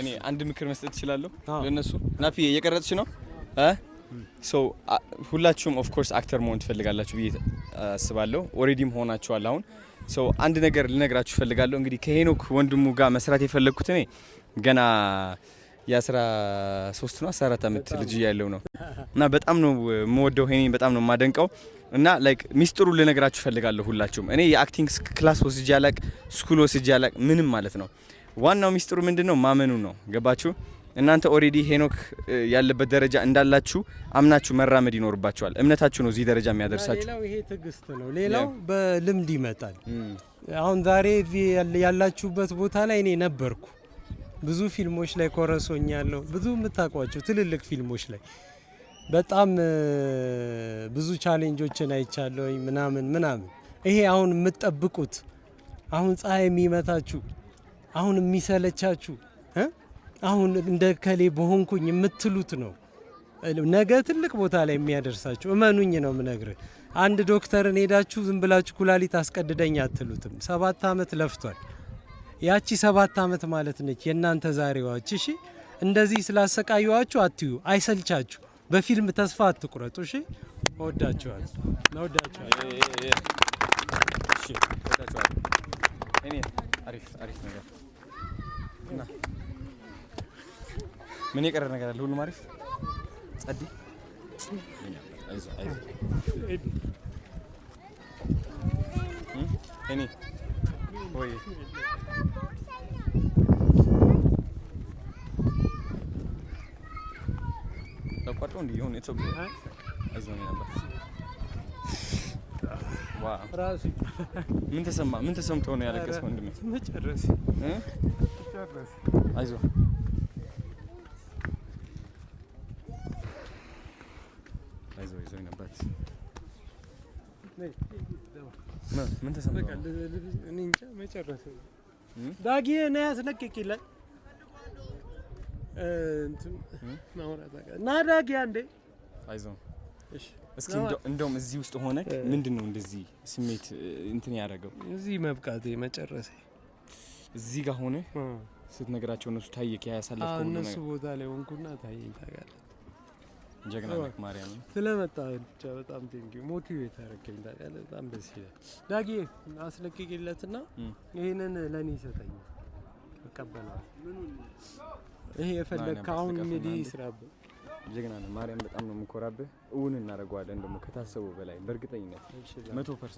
እኔ አንድ ምክር መስጠት እችላለሁ ለእነሱ። ናፊ እየቀረጽሽ ነው። ሁላችሁም ኦፍ ኮርስ አክተር መሆን ትፈልጋላችሁ ብዬ አስባለሁ። ኦልሬዲም ሆናችኋል። አሁን አንድ ነገር ልነግራችሁ እፈልጋለሁ። እንግዲህ ከሄኖክ ወንድሙ ጋር መስራት የፈለግኩት እኔ ገና የአስራ ሶስት ነው አራት ዓመት ልጅ ያለው ነው እና በጣም ነው የምወደው ሄኔን በጣም ነው የማደንቀው እና ላይክ ሚስጥሩ ልነግራችሁ እፈልጋለሁ ሁላችሁም እኔ የአክቲንግ ክላስ ወስጄ አላቅ ስኩል ወስጄ አላቅ ምንም ማለት ነው ዋናው ሚስጥሩ ምንድነው ማመኑ ነው ገባችሁ እናንተ ኦሬዲ ሄኖክ ያለበት ደረጃ እንዳላችሁ አምናችሁ መራመድ ይኖርባችኋል። እምነታችሁ ነው እዚህ ደረጃ የሚያደርሳችሁ። ሌላው ይሄ ትዕግስት ነው። ሌላው በልምድ ይመጣል። አሁን ዛሬ ያላችሁበት ቦታ ላይ እኔ ነበርኩ። ብዙ ፊልሞች ላይ ኮረሶኛለሁ። ብዙ የምታውቋቸው ትልልቅ ፊልሞች ላይ በጣም ብዙ ቻሌንጆችን አይቻለሁኝ ምናምን ምናምን። ይሄ አሁን የምትጠብቁት አሁን ፀሐይ የሚመታችሁ አሁን የሚሰለቻችሁ አሁን እንደ ከሌ በሆንኩኝ የምትሉት ነው ነገ ትልቅ ቦታ ላይ የሚያደርሳችሁ። እመኑኝ ነው ምነግር። አንድ ዶክተርን ሄዳችሁ ዝም ብላችሁ ኩላሊት አስቀድደኝ አትሉትም። ሰባት ዓመት ለፍቷል። ያቺ ሰባት ዓመት ማለት ነች የእናንተ ዛሬዋች። እሺ እንደዚህ ስላሰቃየዋችሁ አትዩ፣ አይሰልቻችሁ። በፊልም ተስፋ አትቁረጡ። እሺ እወዳችኋል፣ እወዳችኋል። ምን የቀረ ነገር አለ? ሁሉም አሪፍ ጸዲ እኔ ተቋርጦ እንዲህ የሆነ የተብሎ አዝማሚ ነበር። ምን ተሰማ? ምን ተሰምቶ ነው ያለቀስ? ወንድሜ አይዞህ። ምን ተሰማ? ዳጊ ነህ ያስለቅቅ ይላል ናዳጊያ እንዴ አይዞህ። እስኪ እንደውም እዚህ ውስጥ ሆነ ምንድን ነው እንደዚህ ስሜት እንትን ያደረገው እዚህ መብቃቴ መጨረሴ እዚህ ጋር ሆነ ስትነግራቸው እነሱ ታየክ ያሳለፍኩ እነሱ ቦታ ላይ ሆንኩና ታየኝ። ታውቃለህ ጀግና ነህ ማርያም ስለመጣህ ብቻ በጣም ቴንኪው ሞቲቬት አደረገኝ። ታውቃለህ በጣም ደስ ይላል። ዳጊ አስለቅቄለትና ይሄንን ለእኔ ይሰጠኛል እቀበለዋለሁ። ይሄ የፈለግህ አሁን እንዲህ ይስራብህ። ጀግና ነህ ማርያም፣ በጣም ነው የምኮራብህ። እውን እናደርገዋለን ደግሞ ከታሰቡ በላይ በእርግጠኝነት መቶ ፐርሰንት